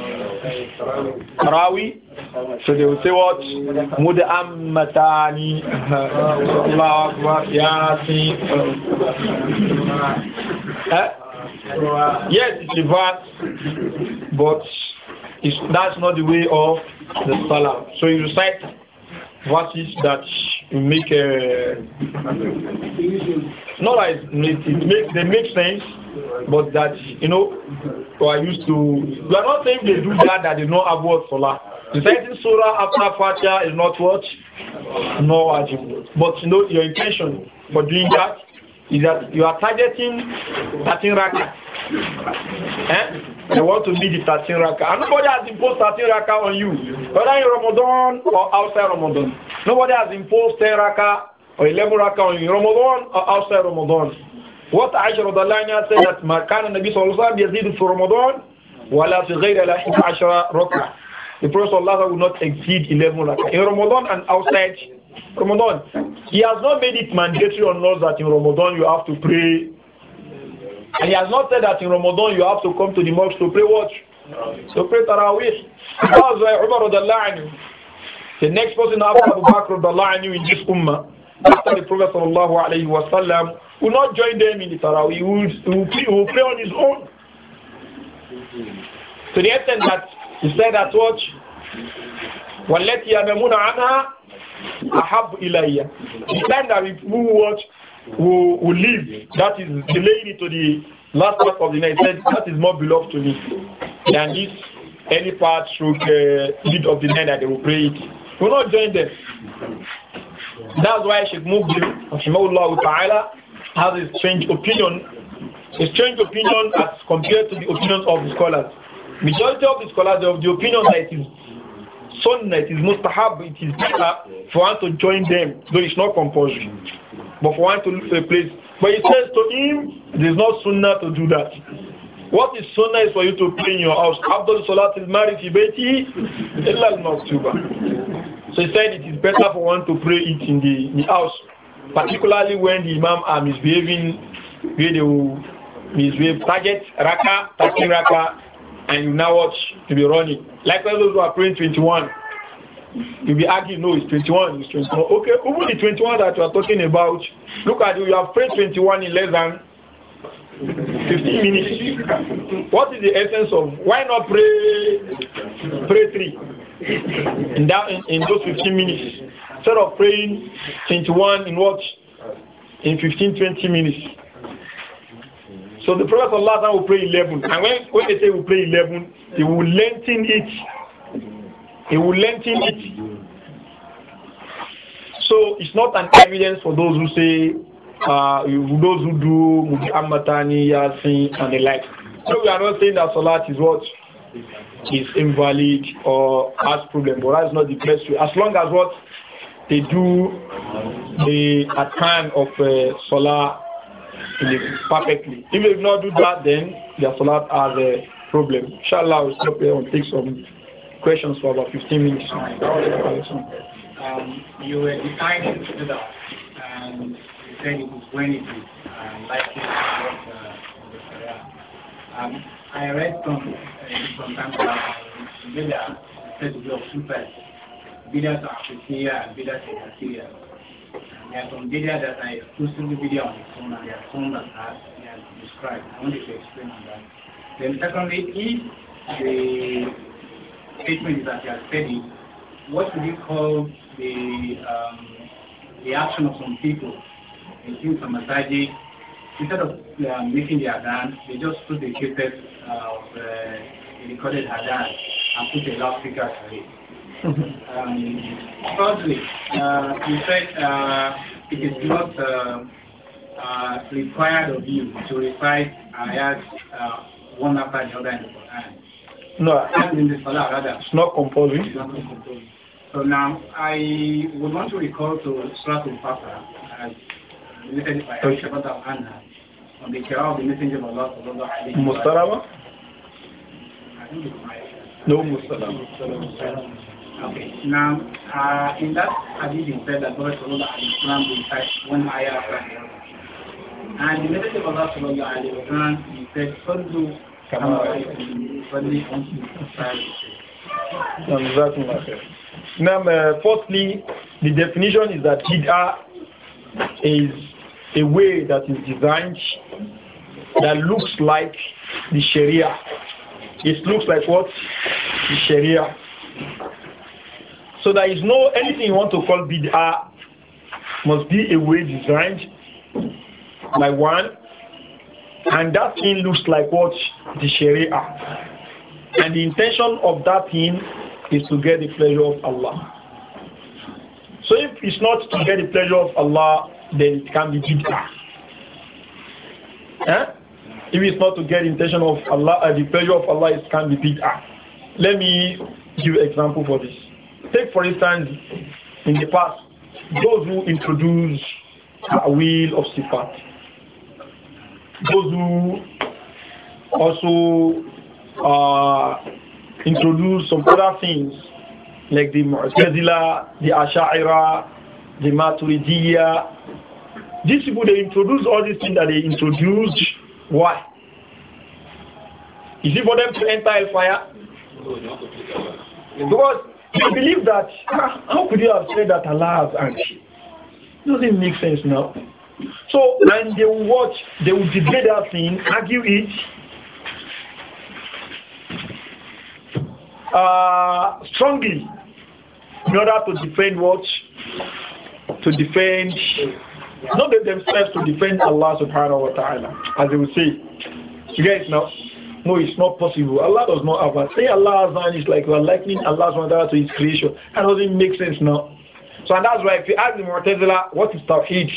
Tarawi, so they will say what? Mudammatani, Allah Akbar, Yasin. Yes, it's a verse, but it's, that's not the way of the Salah. So you recite verses that make uh, not like it makes they make sense, but that you know we are used to. We are not saying they do that that they not have word for that. Reciting surah after fatia is not what no but you know your intention for doing that is that you are targeting 13 raka. Eh? You want to meet the 13 raka. And nobody has imposed 13 raka on you, whether in Ramadan or outside Ramadan. Nobody has imposed 10 raka or 11 raka on you in Ramadan or outside Ramadan. What Aisha Radalanya said that Makana Nabi Sallallahu Alaihi Wasallam for Ramadan, while as fi ghayra lahim ashara raka. The Prophet Sallallahu Alaihi Wasallam not exceed 11 raka. In Ramadan and outside Ramadan. He has not made it mandatory on us that in Ramadan you have to pray. And he has not said that in Ramadan you have to come to the mosque to pray Watch, To pray Taraweeh. That's why Umar the next person after Abu Bakr in this Ummah, after the Prophet sallallahu alayhi wa will not join them in the Taraweeh. He will, will, pray, will pray on his own. To the extent that he said that watch. وَالَّتِي يَنَمُونَ عَنْهَا Ahab Ilayya. The time that we who watch, who who live, that is delaying it to the last part of the night, said, that is more beloved to me than this any part through uh, the mid of the night that they will pray it. We will not join them. That's why Sheikh Mubdil, Hashimahullah Ta'ala, has a strange opinion, a strange opinion as compared to the opinions of the scholars. Majority of the scholars are of the opinion that it is sunnah, it is mustahab, it is better for one to join them, though it's not compulsory. But for one to leave a place. But it says to him, it is not sunnah to do that. What is sunnah is for you to pray in your house. Abdul Salat is married illa al So he said it is better for one to pray it in the, in the house, particularly when the imam are misbehaving, where they will misbehave, target raka, target raka, and you now watch to be running. Likewise, those who are praying 21, you be arguing, no, it's 21, it's 21. Okay, even the 21 that you are talking about, look at you, you have prayed 21 in less than 15 minutes. What is the essence of why not pray pray three in that in, in those 15 minutes instead of praying 21 in what in 15 20 minutes? So the Prophet Allah will pray 11. And when, when they say we pray 11, he will lengthen it. He will lengthen it. So it's not an evidence for those who say, uh, those who do Muhammadani, Yasin, and the like. So we are not saying that Salat is what? Is invalid or has problem. But that's not the best way. As long as what? They do the attain of uh, Salah perfectly. If they do not do that, then their salat has a problem. Inshallah, we'll stop here and take some questions for about 15 minutes. Um, you were deciding to do that, and you said it was when it is uh, likely to uh, um, I read from uh, some time back that said to be of two parts, bidat and bidat and they are some data that are exclusively video on its own, and they are shown that they are described. I wanted to explain on that. Then secondly, if the statement that you are studying, what would you call the um, the action of some people? They do some masajid. Instead of uh, making the adhan, they just put the cases uh, of uh, recorded adhan and put a loudspeaker to it. Mm-hmm. um, firstly, uh, you said uh, it is not uh, uh, required of you to recite ayat uh, one after the other in the Quran. No, and in the Salah rather. It's not compulsory. It's not compulsory. So now I would want to recall to Surah Al-Fatihah as related by okay. Shabbat al-Anha on the Qira'ah of the Messenger of Allah sallallahu alayhi wa sallam. I think it's Mustaraba. No, Mustaraba. Okay. Now, uh, in that hadith, it said that Prophet Sallallahu Alaihi Wasallam will recite one ayah of And the message of Allah Sallallahu Alaihi Wasallam, he said, Sallu now, uh, fourthly, the definition is that bid'ah is a way that is designed that looks like the Sharia. It looks like what? The Sharia. So there is no anything you want to call bid'ah must be a way designed by one, and that thing looks like what the Sharia. And the intention of that thing is to get the pleasure of Allah. So if it's not to get the pleasure of Allah, then it can be bid'ah. Eh? If it's not to get the intention of Allah, uh, the pleasure of Allah, it can be bid'ah. Let me give example for this. Take, for instance, in the past, those who introduce a wheel of sifat, those who also uh, introduce some other things like the Mu'tazila, the Ash'ira, the Maturidiyya. These people, they introduce all these things that they introduced. Why? Is it for them to enter fire? Because they believe that, ah, how could you have said that Allah has angry? Doesn't make sense now. So, and they will watch, they will debate that thing, argue it. Uh, strongly in order to defend what? To defend, not that themselves, to defend Allah subhanahu wa ta'ala, as they will say. You guys know. No, it's not possible. Allah does not have that. Say Allah has one is like we are likening Allah's one to his creation. That doesn't make sense now. So and that's why if you ask the Mu'tazila what is Tawheed,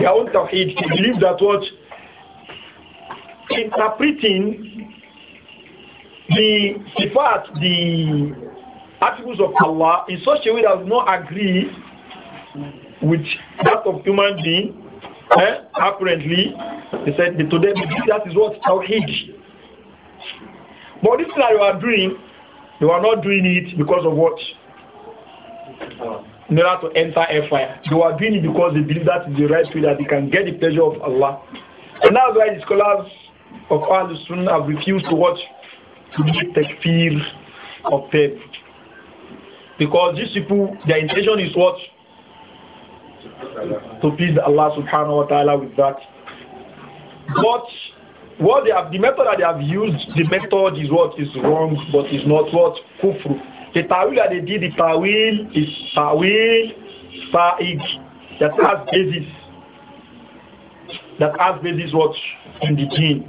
their own Tawheed, they believe that what interpreting the sifat, the attributes of Allah in such a way that does not agree with that of human being, eh? apparently, they said that today that is what Tawheed but this thing that you are doing, you are not doing it because of what? In order to enter a fire. are doing it because they believe that is the right way that they can get the pleasure of Allah. And that's why the scholars of Al Sunnah have refused to watch to make takfir of faith. Because these people, their intention is what? To please Allah subhanahu wa ta'ala with that. But what they have, the method that they have used, the method is what is wrong, but is not what kufru. The ta'wil that they did, the ta'wil is ta'wil sa'id that has basis. That has basis what in the gene,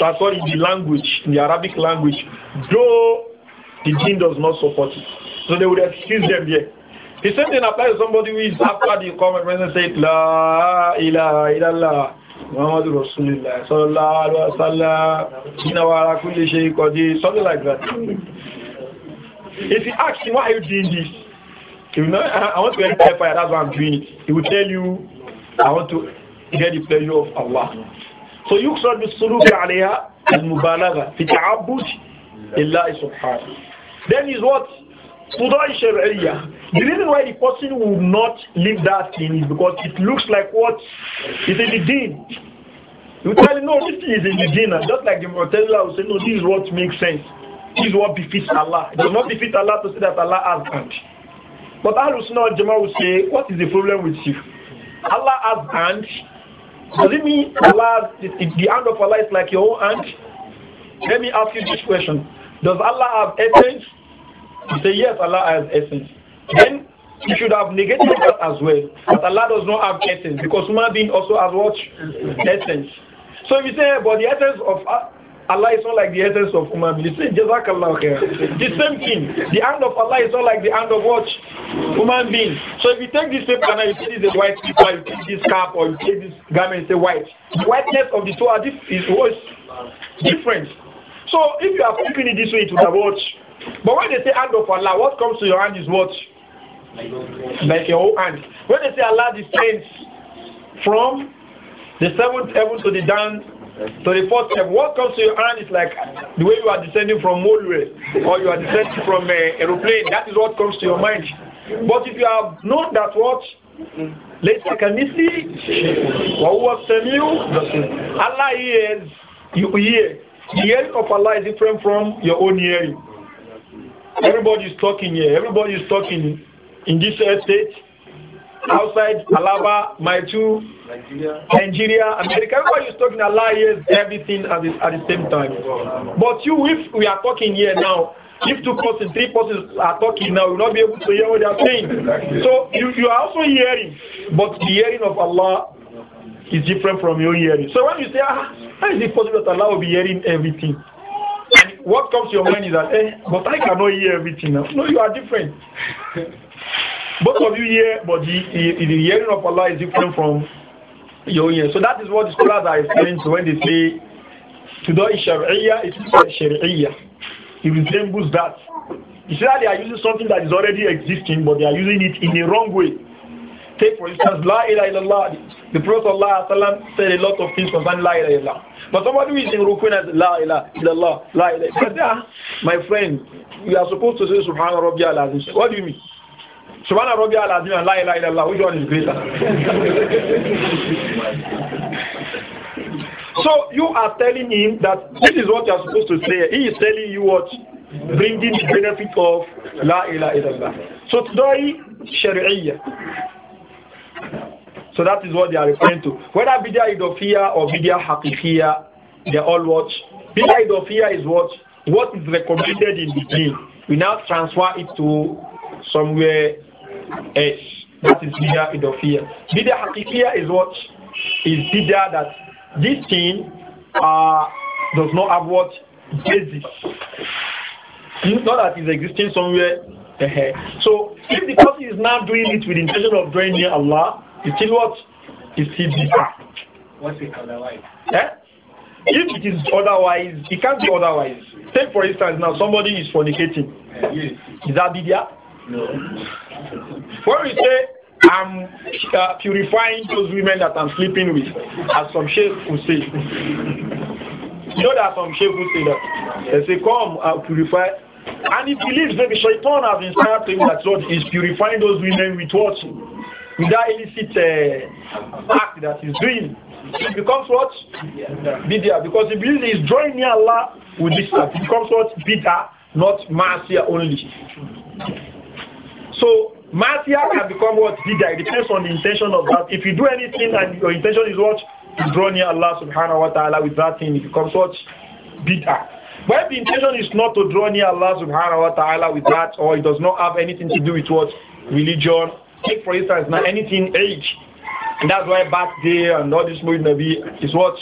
That's what in the language, in the Arabic language, though the gene does not support it. So they would excuse them here. The same thing applies to somebody who is after the comment and say, La ilaha illallah. Muhammadu Rasulullah sallallahu alaihi wasallam inna wa ala kulli shay'in qadir something like that if you ask him why are you doing this he will not I want to get the fire that's why I'm doing it he will tell you I want to get the pleasure of Allah so you يقصد بالسلوك عليها المبالغة في تعبد لله سبحانه then is what Huda is The reason why the person will not leave that thing is because it looks like what is in the deed. You tell him, no, this thing is in the deen. Just like the Mu'tazila will say, no, this is what makes sense. This is what befits Allah. It does not befit Allah to say that Allah has hand. But Allah Jama will say, what is the problem with you? Allah has hand. Does it mean Allah, the, the hand of Allah is like your own hand? Let me ask you this question. Does Allah have hands?" say, yes, Allah has essence. Then you should have negated that as well. But Allah does not have essence because human being also has what? essence. So if you say, but the essence of Allah is not like the essence of human being, you say, Jazakallah khair. The same thing. The hand of Allah is not like the hand of what? Human being. So if you take this paper and you say this is a white paper, you take this cap or you take this garment and say white, the whiteness of the two are diff- is different. So if you are looking it this way, it the have what? But when they say hand of Allah, what comes to your hand is what? Like your own hand. When they say Allah descends from the seventh heaven to the down to the fourth heaven, what comes to your hand is like the way you are descending from motorway or you are descending from a uh, aeroplane. That is what comes to your mind. But if you have known that what see? What was السميع Allah hears you hear the hearing of Allah is different from your own hearing Everybody's talking here. Everybody's talking in this estate, outside Alaba, Maitu, Nigeria. Nigeria, America. Everybody's talking Allah hears everything at the, at the same time. But you, if we are talking here now, if two persons, three persons are talking now, you'll not be able to hear what they are saying. So you, you are also hearing, but the hearing of Allah is different from your hearing. So when you say, ah, how is it possible that Allah will be hearing everything? what comes to your mind is that, eh, but I cannot hear everything now. No, you are different. (laughs) Both of you hear, but the, the, the, hearing of Allah is different from your ear. So that is what the scholars are explaining when they say, Tudah is Shari'iyah, it is It resembles that. You see that they are using something that is already existing, but they are using it in a wrong way. Take, for instance, La ilaha illallah. The Prophet said a lot of things concerning La ilaha illallah. But somebody who is in Rukun has La ilaha illallah, La ilaha illallah. Ah, my friend, you are supposed to say Subhana Rabbi al Azim. What do you mean? Subhana Rabbi al Azim and La ilaha illallah. Which one is greater? (laughs) So you are telling him that this is what you are supposed to say. He is telling you what bringing the benefit of la ilaha illallah. So today, Sharia. So that is what they are referring to. Whether Bidya Idofia or Bidya Hakifia, they all watch. Bidya Idofia is what? What is recommended in the deen. We now transfer it to somewhere else. That is Bidya Idofia. Bidya Hakifia is what? Is Bidya that this thing uh, does not have what? Basis. Not that it's existing somewhere. Uh-huh. so if the person is now doing it with intention of drawing near Allah, it's still what? It's still bid'ah. What's it otherwise? Eh? If it is otherwise, it can't be otherwise. Take for instance now somebody is fornicating. Uh, yes. Is that bid'ah? No. when we say I'm uh, purifying those women that I'm sleeping with, as some sheikh will say. you know that some sheikh will say that. They say, come, I'll purify. And he believes maybe Shaitan has inspired him that God is purifying those women with what? Without that illicit uh, act that he's doing, it becomes what? Bidya. Because if he is drawing near Allah with this act, it becomes what? Bidya, not Masya only. So, Masya can become what? Bidya. It depends on the intention of that. If you do anything and your intention is what? To draw near Allah subhanahu wa ta'ala with that thing, it becomes what? Bidya. But the intention is not to draw near Allah subhanahu wa ta'ala with that, or it does not have anything to do with what? Religion Take for instance now anything age. And that's why birthday and all this movie maybe is what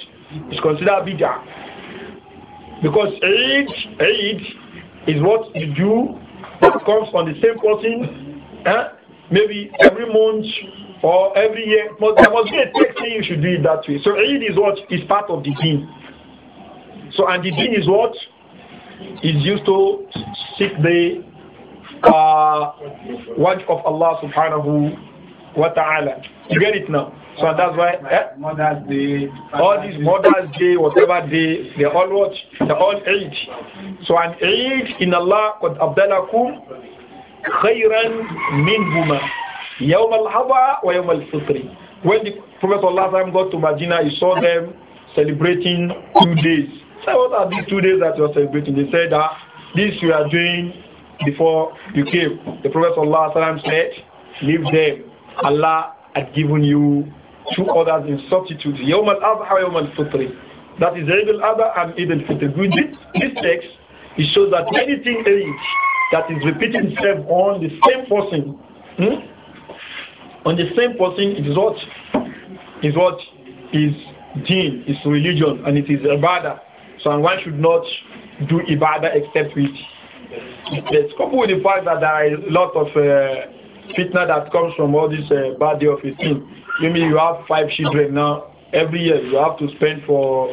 is considered bigger. Because age age is what you do that comes from the same person eh? maybe every month or every year. But there must be a text you should do it that way. So age is what is part of the deen. So and the deen is what is used to seek the uh, of Allah subhanahu wa ta'ala. You get it now? So that's why eh? Mother's Day, all these Mother's Day, whatever day, they all watch, they all age. So an age in Allah, قد أبدلكم خيرا منهما يوم الحضر ويوم الفطر. When the Prophet Allah got to Medina, he saw them celebrating two days. So what are these two days that you are celebrating? They said that this you are doing before you came. The Prophet ﷺ said, Leave them. Allah had given you two others in substitute. Yawm al Yawm al-Fitri. is Eid al-Adha and Eid al-Fitr. With this text, it shows that anything age that is repeating itself on the same person, hmm? on the same person, it is what is what is deen, is religion, and it is ibadah. So one should not do ibadah except with it's coupled with the fact that there are a lot of uh, fitna that comes from all this uh, bad day of a thing. You mean you have five children now. Every year you have to spend for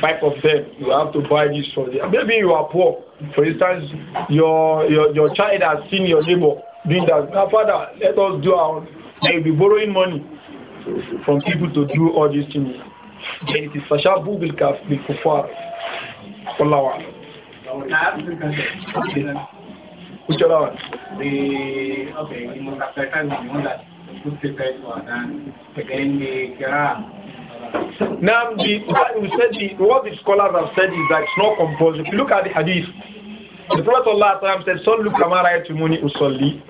five of them. You have to buy this for them. Maybe you are poor. For instance, your your, your child has seen your neighbor doing that. Now, father, let us do our. They will be borrowing money from people to do all these things. Then it is Fashabu bil Kufar. Allah Whichever one. The okay, we must have better know that put prepared for and then the Quran. Now, the, we said the, what the scholars have said is that it's not compulsory. If you look at the hadith, the Prophet Allah said, Sallu kamara etumuni usalli,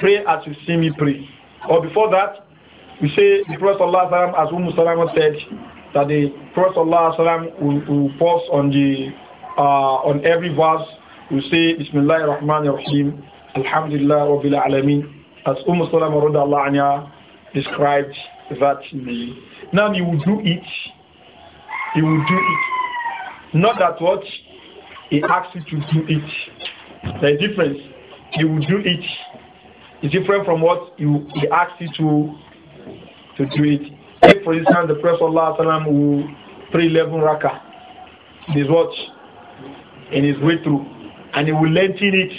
pray as you see me pray. Or before that, we say the Prophet Allah as Umm Salama said, that the Prophet Allah will, will pause on the uh, on every verse, we say, Bismillah ar rahim Alhamdulillah Rabbil Alameen, as Umm Salama radiallahu described that meal. Now he will do it. He will do it. Not that what he asks you to do it. The difference. He will do it. It's different from what you, he asks you to, to do it. If, for instance, the Prophet will pray 11 rakah. This what in his way through. And he will lengthen it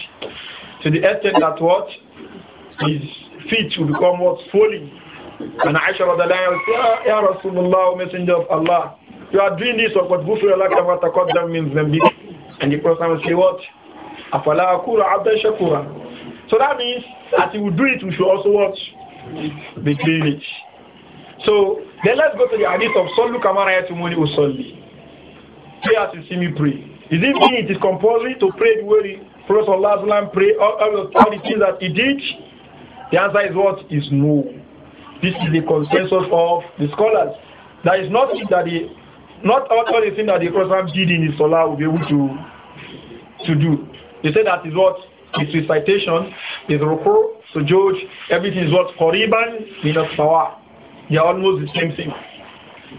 to the extent that what? His feet will become what? Falling. And Aisha Radalaya will say, ah, Ya Rasulullah, Messenger of Allah, you are doing this, but Gufri Allah kama taqaddam min zambi. And the Prophet will say what? Afala akura abda shakura. So that means that he will do it, we should also watch the clean So then let's go to the hadith of Sallu Kamara ra'aytumuni usalli. Pray Here to see me pray. Does it mean it is compulsory to pray the way Prophet Allah prayed all, all, all the things that he did? The answer is what? Is no. This is the consensus of the scholars. There is nothing that the not all, all the things that the Prophet did in his solar will be able to to do. They say that is what is recitation, is So judge everything is what Qoriban, power. They are almost the same thing.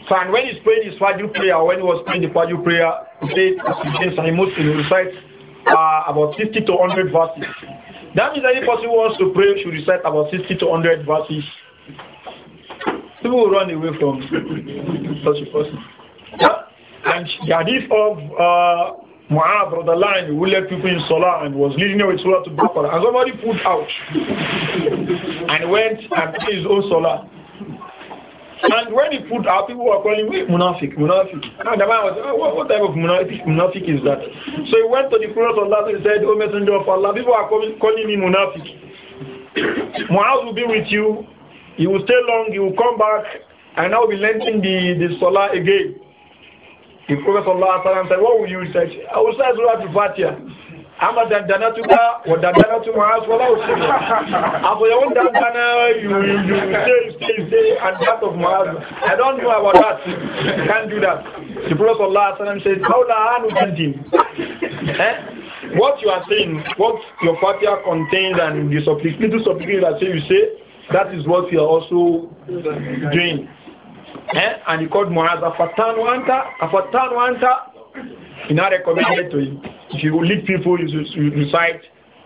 So, and when he's praying his Fajr prayer, when he was praying the Fajr prayer, he said, as and Muslim, recites uh, about 50 to 100 verses. That means any person who wants to pray should recite about 60 to 100 verses. People will run away from such a person. Yeah? And the hadith of uh, Mu'ab brother line who led people in Salah and was leading them with Salah to Baqarah. And somebody pulled out and went and did his own Salah. And when he put out, people were calling him Munafik, Munafik. And the man was, oh, what, what, type of Munafik, Munafik is that? So he went to the Prophet of Allah and said, O oh, Messenger of Allah, people are calling, calling me Munafik. (coughs) Muaz will be with you. He will stay long, he will come back, and I will be lending the, the Salah again. The Prophet of Allah said, What will you say? I will say Surah Al-Fatiha ama dandana tuka wa dandana to my house wala usika abo ya won dandana you you say say say and that of my i don't know about that you can't do that the prophet allah sallam said how la anu jindin eh what you are saying what your fatia contains and the supplication to supplication that say you say that is what you are also doing eh and he called Muaz afatanu anta afatanu anta he not recommended to him if you lead people, you, you recite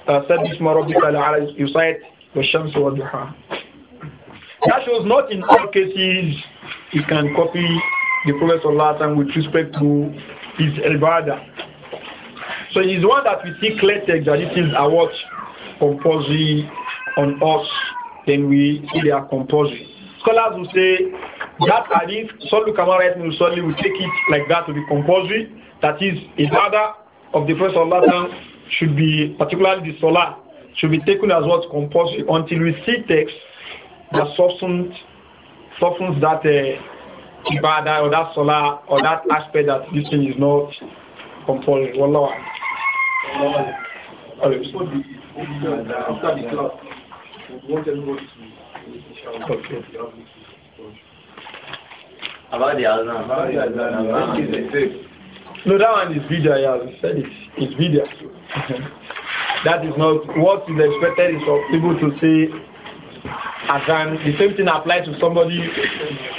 Sadis Marabbika you recite Washamsi uh, wa Duha. That shows not in all cases you can copy the Prophet Allah with respect to his ibadah. So it's one that we see clear text that this is a what compulsory on us, then we see they are compulsory. Scholars will say that hadith, Solu Kamarat Nusoli will take it like that to be compulsory, that is ibadah of the first Salah should be, particularly the Salah, should be taken as what compulsory until we see text that softens, softens that uh, ibadah or that Salah or that aspect that this thing is not compulsory. Wallahu a'lam. Okay. About the Azan. About the Azan. No, that one is video. Yeah, I said It's video. (laughs) that is not what is expected is for people to say. Azan. The same thing applies to somebody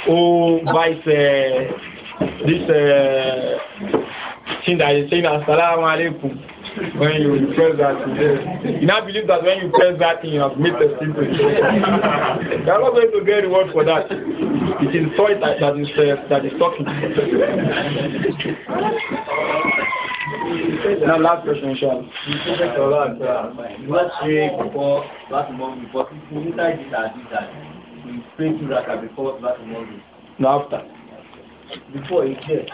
who buys uh, this uh, saying that you he's saying assalamu alaikum when you press that today. You now believe that when you press that thing, you have met the simple. you are not going to get reward for that. It is thought that, that is uh, that is talking. now last question, Sean. What shape before last month before people inside this and this and we pray to Raka before last month. No after. Before it's there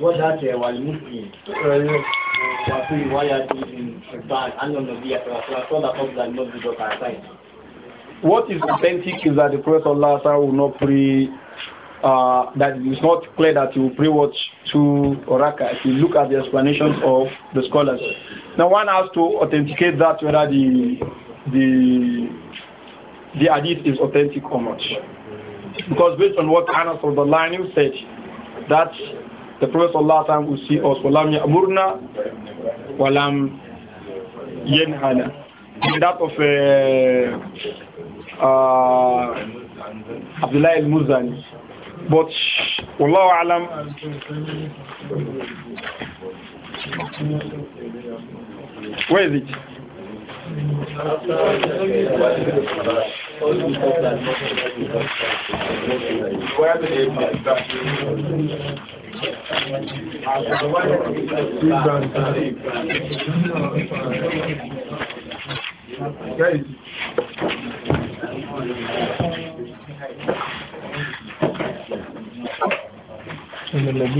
what that uh, was Muslim earlier was free in Islam and on the vehicle. So I saw that Prophet had not assigned. What is authentic is that the Prophet Allah will not pray, uh, that it's not clear that he will pray what to Oraka if you look at the explanations of the scholars. Now one has to authenticate that whether the the the hadith is authentic or not. Because based on what Anas of the line said, that the Prophet Allah will see us. Walam ya'murna, walam yanhana. In that of uh, uh, Abdullah al-Muzani. But Allah alam. Where is it? it? Guys.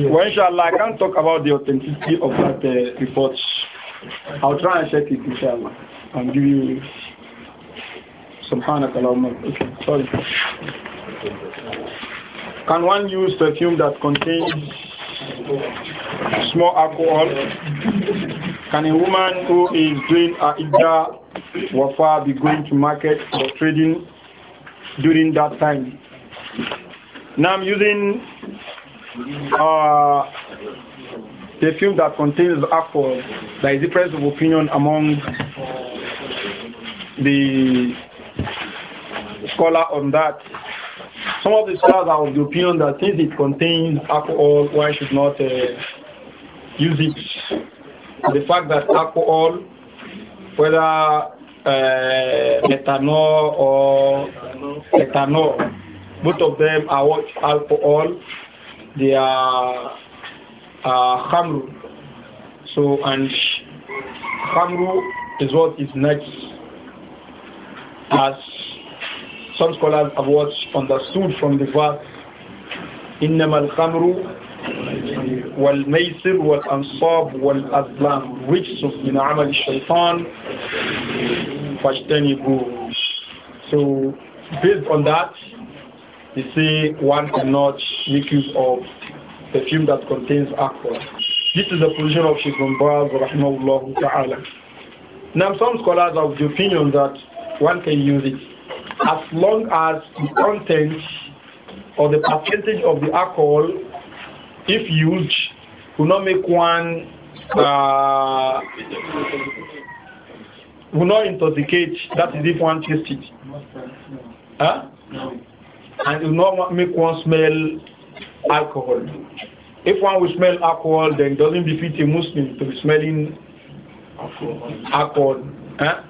Well, inshallah, I can't talk about the authenticity of that uh, report. I'll try and check it, inshallah, and give you some subhanaka Sorry. Can one use perfume that contains small alcohol? Can a woman who is doing a idda wafa be going to market or trading during that time? Now I'm using uh, perfume that contains alcohol. There is difference of opinion among the scholar on that. Some of the scholars are of the opinion that since it contains alcohol, one should not uh, use it. The fact that alcohol, whether uh, methanol or ethanol, both of them are what alcohol. They are uh, hamru. So and hamru is what is next as some scholars have what understood from the verse إنما الخمر والميسر والأنصاب والأزلام رجس من عمل الشيطان فاجتنبوه So based on that, you see one cannot make use of perfume that contains alcohol. This is the position of Sheikh Mumbaz, al ta'ala. Now some scholars have the opinion that one can use it as long as the content or the percentage of the alcohol, if used, will not make one uh, will not intoxicate. That is if one tastes it. Huh? And will not make one smell alcohol. If one will smell alcohol, then it doesn't defeat a Muslim to be smelling alcohol. alcohol. Huh?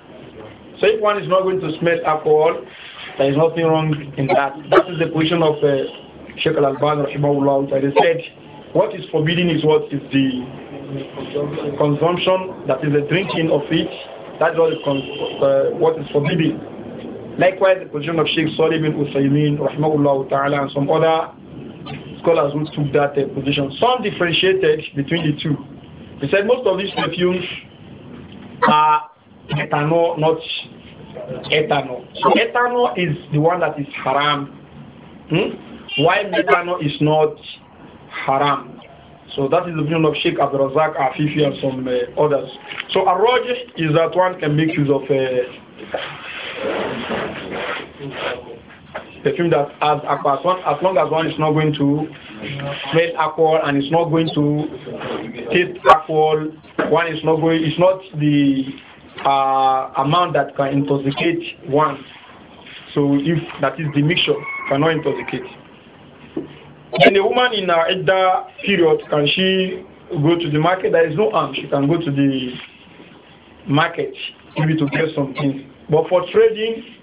So if one is not going to smell alcohol, there is nothing wrong in that. That is the position of uh, Sheikh Al-Albani, Rahimahullah, he said, what is forbidden is what is the consumption, that is the drinking of it, that's what is, uh, what is forbidden. Likewise, the position of Sheikh Salih bin Usaymin, Rahimahullah Ta'ala, and some other scholars who took that uh, position. Some differentiated between the two. They said most of these perfumes are ethanol, not ethanol. So ethanol is the one that is haram. Hmm? Why methanol is not haram? So that is the opinion of Sheikh Abdul Razak, Afifi, and some uh, others. So a rojih is that one can make use of uh, a perfume that has aqua, as long as one is not going to smell alcohol and it's not going to taste alcohol, one is not going, it's not the uh, amount that can intoxicate one. So if that is the mixture, cannot intoxicate. And a woman in her Edda period, can she go to the market? There is no harm. She can go to the market maybe to get some things. But for trading,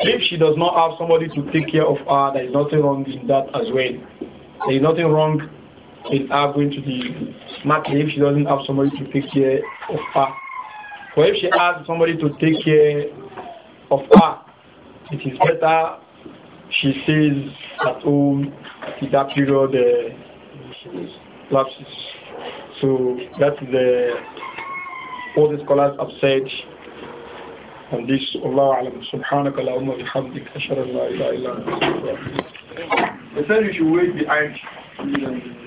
if she does not have somebody to take care of her, there is nothing wrong in that as well. There is nothing wrong in her going to the market if she doesn't have somebody to take care of her. For if she asks somebody to take care of her, it is better she stays at home in that period uh, lapses. So that's the uh, all the scholars have said on this. Allah alam. Subhanaka Allahumma bihamdik. Ashara la ilaha illa They said you should wait behind.